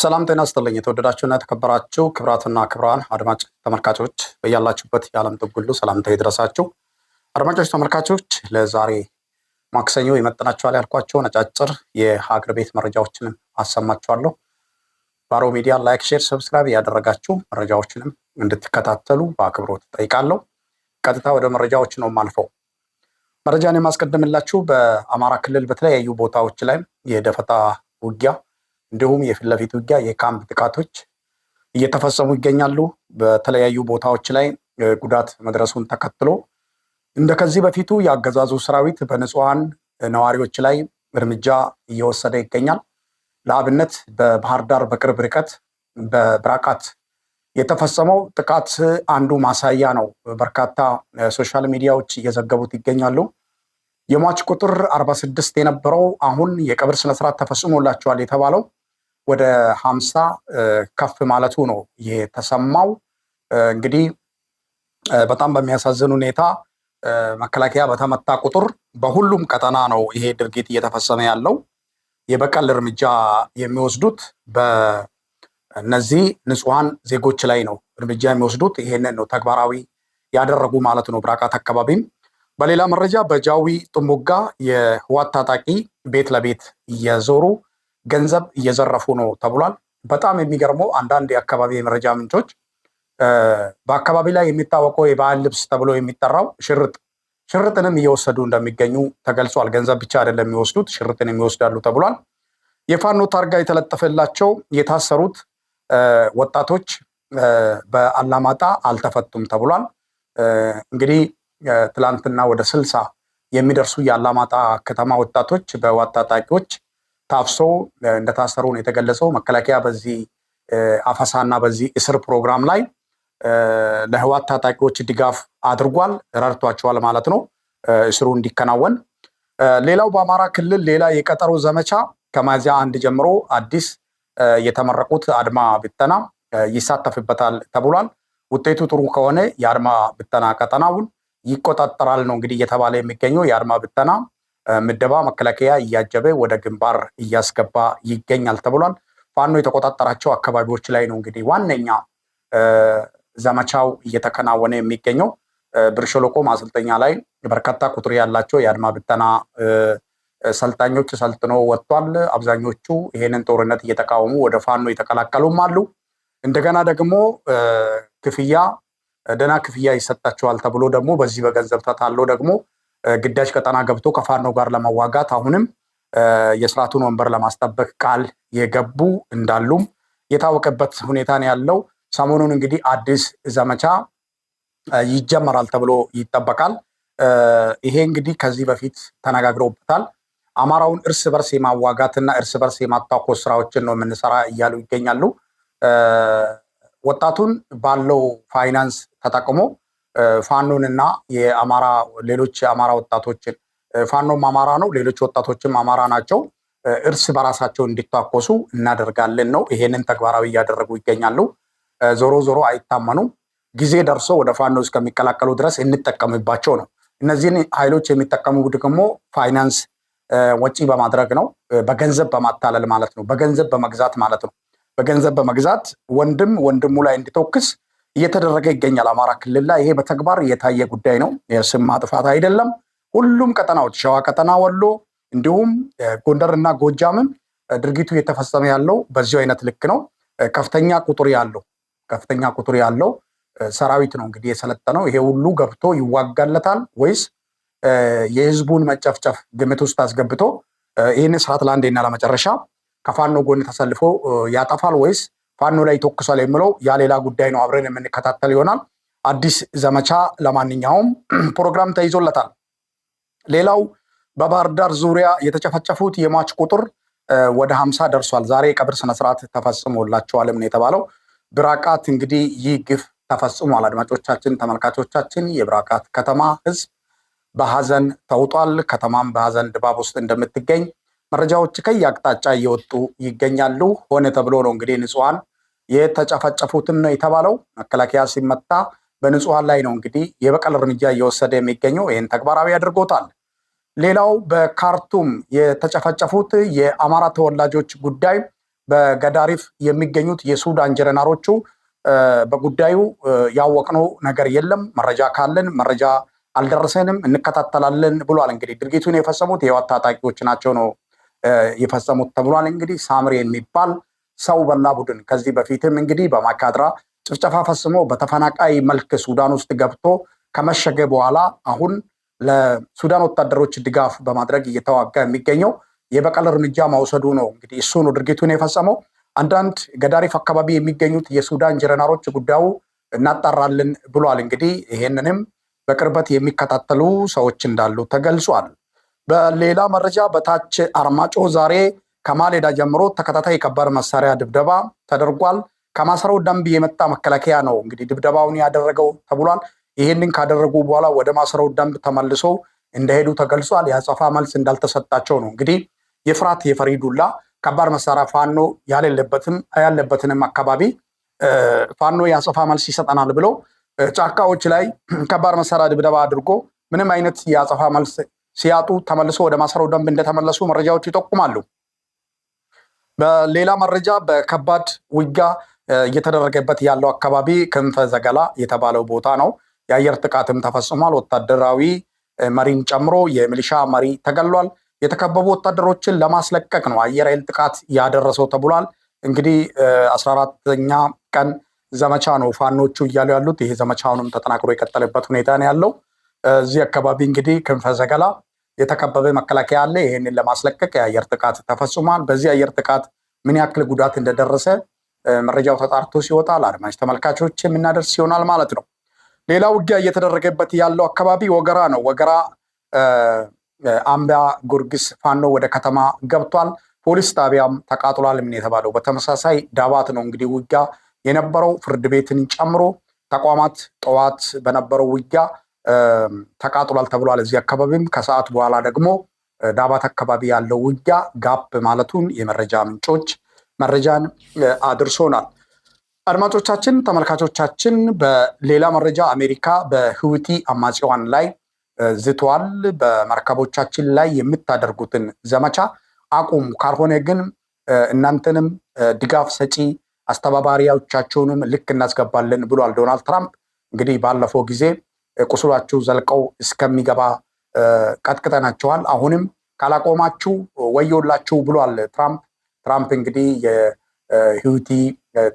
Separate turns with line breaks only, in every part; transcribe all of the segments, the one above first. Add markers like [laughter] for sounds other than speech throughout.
ሰላም ጤና ስጥልኝ። የተወደዳችሁና የተከበራችሁ ክብራትና ክብራን አድማጭ ተመልካቾች በያላችሁበት የዓለም ጥግ ሁሉ ሰላምታ ይድረሳችሁ። አድማጮች ተመልካቾች፣ ለዛሬ ማክሰኞ ይመጥናችኋል ያልኳቸው ነጫጭር የሀገር ቤት መረጃዎችንም አሰማችኋለሁ። ባሮ ሚዲያ ላይክ፣ ሼር፣ ሰብስክራይብ ያደረጋችሁ መረጃዎችንም እንድትከታተሉ በአክብሮት ጠይቃለሁ። ቀጥታ ወደ መረጃዎች ነው ማልፈው። መረጃን የማስቀድምላችሁ በአማራ ክልል በተለያዩ ቦታዎች ላይ የደፈጣ ውጊያ እንዲሁም የፊት ለፊት ውጊያ፣ የካምፕ ጥቃቶች እየተፈጸሙ ይገኛሉ። በተለያዩ ቦታዎች ላይ ጉዳት መድረሱን ተከትሎ እንደ ከዚህ በፊቱ የአገዛዙ ሰራዊት በንጹሐን ነዋሪዎች ላይ እርምጃ እየወሰደ ይገኛል። ለአብነት በባህር ዳር በቅርብ ርቀት በብራቃት የተፈጸመው ጥቃት አንዱ ማሳያ ነው። በርካታ ሶሻል ሚዲያዎች እየዘገቡት ይገኛሉ። የሟች ቁጥር 46 የነበረው አሁን የቀብር ስነስርዓት ተፈጽሞላቸዋል የተባለው ወደ ሀምሳ ከፍ ማለቱ ነው የተሰማው። እንግዲህ በጣም በሚያሳዝን ሁኔታ መከላከያ በተመታ ቁጥር በሁሉም ቀጠና ነው ይሄ ድርጊት እየተፈጸመ ያለው። የበቀል እርምጃ የሚወስዱት በእነዚህ ንጹሐን ዜጎች ላይ ነው እርምጃ የሚወስዱት። ይሄንን ነው ተግባራዊ ያደረጉ ማለት ነው። ብራቃት አካባቢም በሌላ መረጃ በጃዊ ጥሙጋ የህዋት ታጣቂ ቤት ለቤት እየዞሩ ገንዘብ እየዘረፉ ነው ተብሏል። በጣም የሚገርመው አንዳንድ የአካባቢ የመረጃ ምንጮች በአካባቢ ላይ የሚታወቀው የባህል ልብስ ተብሎ የሚጠራው ሽርጥ ሽርጥንም እየወሰዱ እንደሚገኙ ተገልጿል። ገንዘብ ብቻ አይደለም የሚወስዱት፣ ሽርጥን የሚወስዳሉ ተብሏል። የፋኖ ታርጋ የተለጠፈላቸው የታሰሩት ወጣቶች በአላማጣ አልተፈቱም ተብሏል። እንግዲህ ትላንትና ወደ ስልሳ የሚደርሱ የአላማጣ ከተማ ወጣቶች በዋጣጣቂዎች ታፍሶ እንደታሰሩ ነው የተገለጸው። መከላከያ በዚህ አፈሳና በዚህ እስር ፕሮግራም ላይ ለህዋት ታጣቂዎች ድጋፍ አድርጓል፣ ረድቷቸዋል ማለት ነው እስሩ እንዲከናወን። ሌላው በአማራ ክልል ሌላ የቀጠሮ ዘመቻ ከማዚያ አንድ ጀምሮ አዲስ የተመረቁት አድማ ብተና ይሳተፍበታል ተብሏል። ውጤቱ ጥሩ ከሆነ የአድማ ብተና ቀጠናውን ይቆጣጠራል ነው እንግዲህ እየተባለ የሚገኘው የአድማ ብተና ምደባ መከላከያ እያጀበ ወደ ግንባር እያስገባ ይገኛል ተብሏል። ፋኖ የተቆጣጠራቸው አካባቢዎች ላይ ነው እንግዲህ ዋነኛ ዘመቻው እየተከናወነ የሚገኘው። ብርሸለቆ ማሰልጠኛ ላይ በርካታ ቁጥር ያላቸው የአድማ ብተና ሰልጣኞች ሰልጥኖ ወጥቷል። አብዛኞቹ ይህንን ጦርነት እየተቃወሙ ወደ ፋኖ የተቀላቀሉም አሉ። እንደገና ደግሞ ክፍያ ደህና ክፍያ ይሰጣቸዋል ተብሎ ደግሞ በዚህ በገንዘብ ተታሎ ደግሞ ግዳጅ ቀጠና ገብቶ ከፋኖ ጋር ለመዋጋት አሁንም የስርዓቱን ወንበር ለማስጠበቅ ቃል የገቡ እንዳሉም የታወቀበት ሁኔታ ነው ያለው። ሰሞኑን እንግዲህ አዲስ ዘመቻ ይጀመራል ተብሎ ይጠበቃል። ይሄ እንግዲህ ከዚህ በፊት ተነጋግረውበታል። አማራውን እርስ በርስ የማዋጋትና እርስ በርስ የማታኮስ ስራዎችን ነው የምንሰራ እያሉ ይገኛሉ። ወጣቱን ባለው ፋይናንስ ተጠቅሞ ፋኖንና የአማራ ሌሎች የአማራ ወጣቶችን ፋኖም አማራ ነው፣ ሌሎች ወጣቶችም አማራ ናቸው፣ እርስ በራሳቸው እንዲታኮሱ እናደርጋለን ነው። ይሄንን ተግባራዊ እያደረጉ ይገኛሉ። ዞሮ ዞሮ አይታመኑም። ጊዜ ደርሶ ወደ ፋኖ እስከሚቀላቀሉ ድረስ እንጠቀምባቸው ነው። እነዚህን ኃይሎች የሚጠቀሙ ደግሞ ፋይናንስ ወጪ በማድረግ ነው። በገንዘብ በማታለል ማለት ነው። በገንዘብ በመግዛት ማለት ነው። በገንዘብ በመግዛት ወንድም ወንድሙ ላይ እንዲተኩስ እየተደረገ ይገኛል አማራ ክልል ላይ። ይሄ በተግባር የታየ ጉዳይ ነው፣ የስም ማጥፋት አይደለም። ሁሉም ቀጠናዎች ሸዋ ቀጠና፣ ወሎ፣ እንዲሁም ጎንደር እና ጎጃምም ድርጊቱ እየተፈጸመ ያለው በዚሁ አይነት ልክ ነው። ከፍተኛ ቁጥር ያለው ከፍተኛ ቁጥር ያለው ሰራዊት ነው እንግዲህ የሰለጠነው። ይሄ ሁሉ ገብቶ ይዋጋለታል ወይስ የህዝቡን መጨፍጨፍ ግምት ውስጥ አስገብቶ ይህን ስርዓት ለአንዴና ለመጨረሻ ከፋኖ ጎን ተሰልፎ ያጠፋል ወይስ ፋኖ ላይ ተኩሷል የሚለው ያ ሌላ ጉዳይ ነው። አብረን የምንከታተል ይሆናል። አዲስ ዘመቻ ለማንኛውም [clears throat] ፕሮግራም ተይዞለታል። ሌላው በባህር ዳር ዙሪያ የተጨፈጨፉት የሟች ቁጥር ወደ ሀምሳ ደርሷል። ዛሬ የቀብር ስነስርዓት ተፈጽሞላቸዋል ነው የተባለው። ብራቃት እንግዲህ ይህ ግፍ ተፈጽሟል። አድማጮቻችን፣ ተመልካቾቻችን የብራቃት ከተማ ህዝብ በሀዘን ተውጧል። ከተማም በሀዘን ድባብ ውስጥ እንደምትገኝ መረጃዎች ከየአቅጣጫ እየወጡ ይገኛሉ። ሆነ ተብሎ ነው እንግዲህ ንጹሐን የተጨፈጨፉትን ነው የተባለው። መከላከያ ሲመታ በንጹሐን ላይ ነው እንግዲህ የበቀል እርምጃ እየወሰደ የሚገኘው። ይህን ተግባራዊ አድርጎታል። ሌላው በካርቱም የተጨፈጨፉት የአማራ ተወላጆች ጉዳይ በገዳሪፍ የሚገኙት የሱዳን ጀረናሮቹ በጉዳዩ ያወቅነው ነገር የለም፣ መረጃ ካለን መረጃ አልደረሰንም፣ እንከታተላለን ብሏል። እንግዲህ ድርጊቱን የፈሰሙት የህወሓት ታጣቂዎች ናቸው ነው የፈጸሙት ተብሏል። እንግዲህ ሳምሪ የሚባል ሰው በላ ቡድን ከዚህ በፊትም እንግዲህ በማካድራ ጭፍጨፋ ፈጽሞ በተፈናቃይ መልክ ሱዳን ውስጥ ገብቶ ከመሸገ በኋላ አሁን ለሱዳን ወታደሮች ድጋፍ በማድረግ እየተዋጋ የሚገኘው የበቀል እርምጃ መውሰዱ ነው። እንግዲህ እሱ ነው ድርጊቱን የፈጸመው። አንዳንድ ገዳሪፍ አካባቢ የሚገኙት የሱዳን ጀነራሎች ጉዳዩ እናጣራልን ብሏል። እንግዲህ ይህንንም በቅርበት የሚከታተሉ ሰዎች እንዳሉ ተገልጿል። በሌላ መረጃ በታች አርማጮ ዛሬ ከማሌዳ ጀምሮ ተከታታይ የከባድ መሳሪያ ድብደባ ተደርጓል። ከማሰረው ደንብ የመጣ መከላከያ ነው እንግዲህ ድብደባውን ያደረገው ተብሏል። ይህንን ካደረጉ በኋላ ወደ ማሰረው ደንብ ተመልሶ እንደሄዱ ተገልጿል። የአጸፋ መልስ እንዳልተሰጣቸው ነው እንግዲህ የፍራት የፈሪዱላ ከባድ መሳሪያ ፋኖ ያለበትንም አካባቢ ፋኖ የአጸፋ መልስ ይሰጠናል ብሎ ጫካዎች ላይ ከባድ መሳሪያ ድብደባ አድርጎ ምንም አይነት የአጸፋ መልስ ሲያጡ ተመልሶ ወደ ማሰረው ደንብ እንደተመለሱ መረጃዎች ይጠቁማሉ። በሌላ መረጃ በከባድ ውጊያ እየተደረገበት ያለው አካባቢ ክንፈ ዘገላ የተባለው ቦታ ነው። የአየር ጥቃትም ተፈጽሟል። ወታደራዊ መሪን ጨምሮ የሚሊሻ መሪ ተገሏል። የተከበቡ ወታደሮችን ለማስለቀቅ ነው አየር ኃይል ጥቃት ያደረሰው ተብሏል። እንግዲህ አስራ አራተኛ ቀን ዘመቻ ነው ፋኖቹ እያሉ ያሉት። ይሄ ዘመቻውንም ተጠናክሮ የቀጠለበት ሁኔታ ነው ያለው። እዚህ አካባቢ እንግዲህ ክንፈ ዘገላ የተከበበ መከላከያ አለ። ይህንን ለማስለቀቅ የአየር ጥቃት ተፈጽሟል። በዚህ የአየር ጥቃት ምን ያክል ጉዳት እንደደረሰ መረጃው ተጣርቶ ሲወጣ ለአድማጭ ተመልካቾች የምናደርስ ይሆናል ማለት ነው። ሌላ ውጊያ እየተደረገበት ያለው አካባቢ ወገራ ነው። ወገራ አምባ ጊዮርጊስ ፋኖ ወደ ከተማ ገብቷል። ፖሊስ ጣቢያም ተቃጥሏል። ምን የተባለው በተመሳሳይ ዳባት ነው እንግዲህ ውጊያ የነበረው ፍርድ ቤትን ጨምሮ ተቋማት ጠዋት በነበረው ውጊያ ተቃጥሏል ተብሏል። እዚህ አካባቢም ከሰዓት በኋላ ደግሞ ዳባት አካባቢ ያለው ውጊያ ጋብ ማለቱን የመረጃ ምንጮች መረጃን አድርሶናል። አድማጮቻችን፣ ተመልካቾቻችን በሌላ መረጃ አሜሪካ በህውቲ አማጽዋን ላይ ዝተዋል። በመርከቦቻችን ላይ የምታደርጉትን ዘመቻ አቁሙ፣ ካልሆነ ግን እናንተንም ድጋፍ ሰጪ አስተባባሪዎቻቸውንም ልክ እናስገባለን ብሏል ዶናልድ ትራምፕ። እንግዲህ ባለፈው ጊዜ ቁስሏችሁ ዘልቀው እስከሚገባ ቀጥቅጠናቸዋል። አሁንም ካላቆማችሁ ወዮላችሁ ብሏል ትራምፕ። ትራምፕ እንግዲህ የሁቲ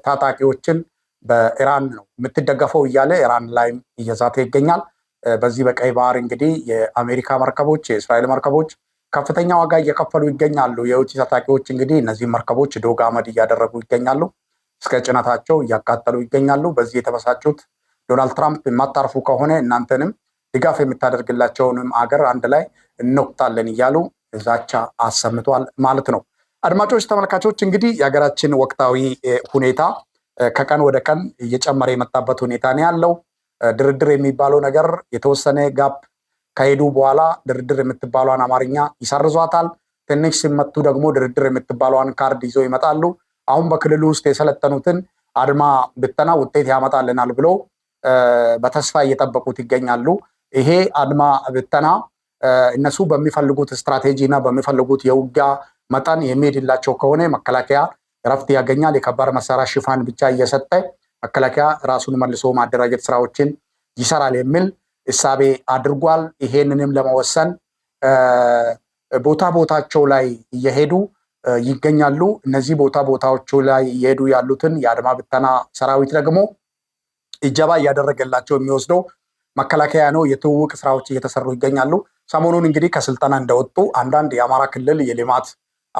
ታጣቂዎችን በኢራን ነው የምትደገፈው እያለ ኢራን ላይም እየዛተ ይገኛል። በዚህ በቀይ ባህር እንግዲህ የአሜሪካ መርከቦች፣ የእስራኤል መርከቦች ከፍተኛ ዋጋ እየከፈሉ ይገኛሉ። የሁቲ ታጣቂዎች እንግዲህ እነዚህ መርከቦች ዶግ አመድ እያደረጉ ይገኛሉ። እስከ ጭነታቸው እያቃጠሉ ይገኛሉ። በዚህ የተበሳጩት ዶናልድ ትራምፕ የማታርፉ ከሆነ እናንተንም ድጋፍ የምታደርግላቸውንም አገር አንድ ላይ እንወቅጣለን እያሉ ዛቻ አሰምቷል ማለት ነው። አድማጮች፣ ተመልካቾች እንግዲህ የሀገራችን ወቅታዊ ሁኔታ ከቀን ወደ ቀን እየጨመረ የመጣበት ሁኔታ ነው ያለው። ድርድር የሚባለው ነገር የተወሰነ ጋፕ ከሄዱ በኋላ ድርድር የምትባሏን አማርኛ ይሰርዟታል። ትንሽ ሲመቱ ደግሞ ድርድር የምትባሏን ካርድ ይዘው ይመጣሉ። አሁን በክልሉ ውስጥ የሰለጠኑትን አድማ ብተና ውጤት ያመጣልናል ብሎ በተስፋ እየጠበቁት ይገኛሉ። ይሄ አድማ ብተና እነሱ በሚፈልጉት ስትራቴጂ እና በሚፈልጉት የውጊያ መጠን የሚሄድላቸው ከሆነ መከላከያ እረፍት ያገኛል። የከባድ መሳሪያ ሽፋን ብቻ እየሰጠ መከላከያ ራሱን መልሶ ማደራጀት ስራዎችን ይሰራል የሚል እሳቤ አድርጓል። ይሄንንም ለመወሰን ቦታ ቦታቸው ላይ እየሄዱ ይገኛሉ። እነዚህ ቦታ ቦታዎቹ ላይ እየሄዱ ያሉትን የአድማ ብተና ሰራዊት ደግሞ እጀባ እያደረገላቸው የሚወስደው መከላከያ ነው። የትውውቅ ስራዎች እየተሰሩ ይገኛሉ። ሰሞኑን እንግዲህ ከስልጠና እንደወጡ አንዳንድ የአማራ ክልል የልማት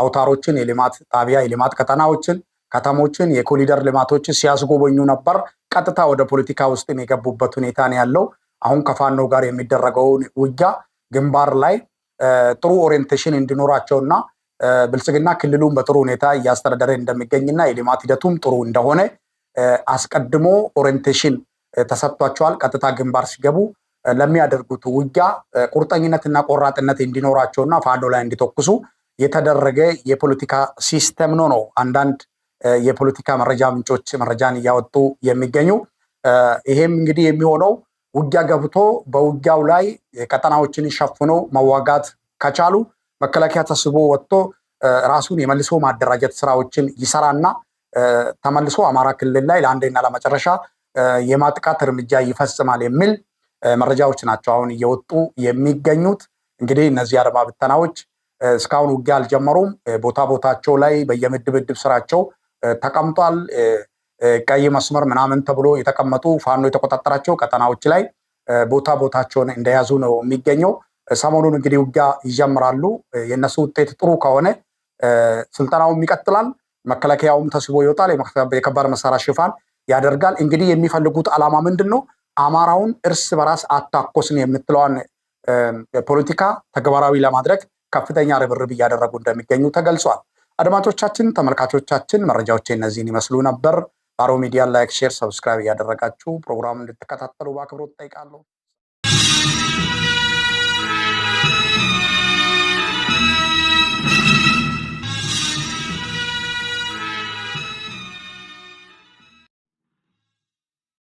አውታሮችን፣ የልማት ጣቢያ፣ የልማት ቀጠናዎችን፣ ከተሞችን፣ የኮሊደር ልማቶችን ሲያስጎበኙ ነበር። ቀጥታ ወደ ፖለቲካ ውስጥ የገቡበት ሁኔታ ነው ያለው። አሁን ከፋኖ ጋር የሚደረገውን ውጊያ ግንባር ላይ ጥሩ ኦሪየንቴሽን እንዲኖራቸውና ብልጽግና ክልሉን በጥሩ ሁኔታ እያስተዳደረ እንደሚገኝና የልማት ሂደቱም ጥሩ እንደሆነ አስቀድሞ ኦሪንቴሽን ተሰጥቷቸዋል። ቀጥታ ግንባር ሲገቡ ለሚያደርጉት ውጊያ ቁርጠኝነትና ቆራጥነት እንዲኖራቸውና ፋኖ ላይ እንዲተኩሱ የተደረገ የፖለቲካ ሲስተም ነው ነው አንዳንድ የፖለቲካ መረጃ ምንጮች መረጃን እያወጡ የሚገኙ ይሄም እንግዲህ የሚሆነው ውጊያ ገብቶ በውጊያው ላይ ቀጠናዎችን ሸፍኖ መዋጋት ከቻሉ መከላከያ ተስቦ ወጥቶ ራሱን የመልሶ ማደራጀት ስራዎችን ይሰራና ተመልሶ አማራ ክልል ላይ ለአንዴና ለመጨረሻ የማጥቃት እርምጃ ይፈጽማል የሚል መረጃዎች ናቸው አሁን እየወጡ የሚገኙት። እንግዲህ እነዚህ አድማ ብተናዎች እስካሁን ውጊያ አልጀመሩም። ቦታ ቦታቸው ላይ በየምድብድብ ስራቸው ተቀምጧል። ቀይ መስመር ምናምን ተብሎ የተቀመጡ ፋኖ የተቆጣጠራቸው ቀጠናዎች ላይ ቦታ ቦታቸውን እንደያዙ ነው የሚገኘው። ሰሞኑን እንግዲህ ውጊያ ይጀምራሉ። የእነሱ ውጤት ጥሩ ከሆነ ስልጠናውም ይቀጥላል። መከላከያውም ተስቦ ይወጣል። የከባድ መሳሪያ ሽፋን ያደርጋል። እንግዲህ የሚፈልጉት ዓላማ ምንድን ነው? አማራውን እርስ በራስ አታኮስን የምትለዋን ፖለቲካ ተግባራዊ ለማድረግ ከፍተኛ ርብርብ እያደረጉ እንደሚገኙ ተገልጿል። አድማጮቻችን፣ ተመልካቾቻችን መረጃዎች እነዚህን ይመስሉ ነበር። ባሮ ሚዲያ ላይክ፣ ሼር፣ ሰብስክራይብ እያደረጋችሁ ፕሮግራም እንድትከታተሉ በአክብሮት እጠይቃለሁ።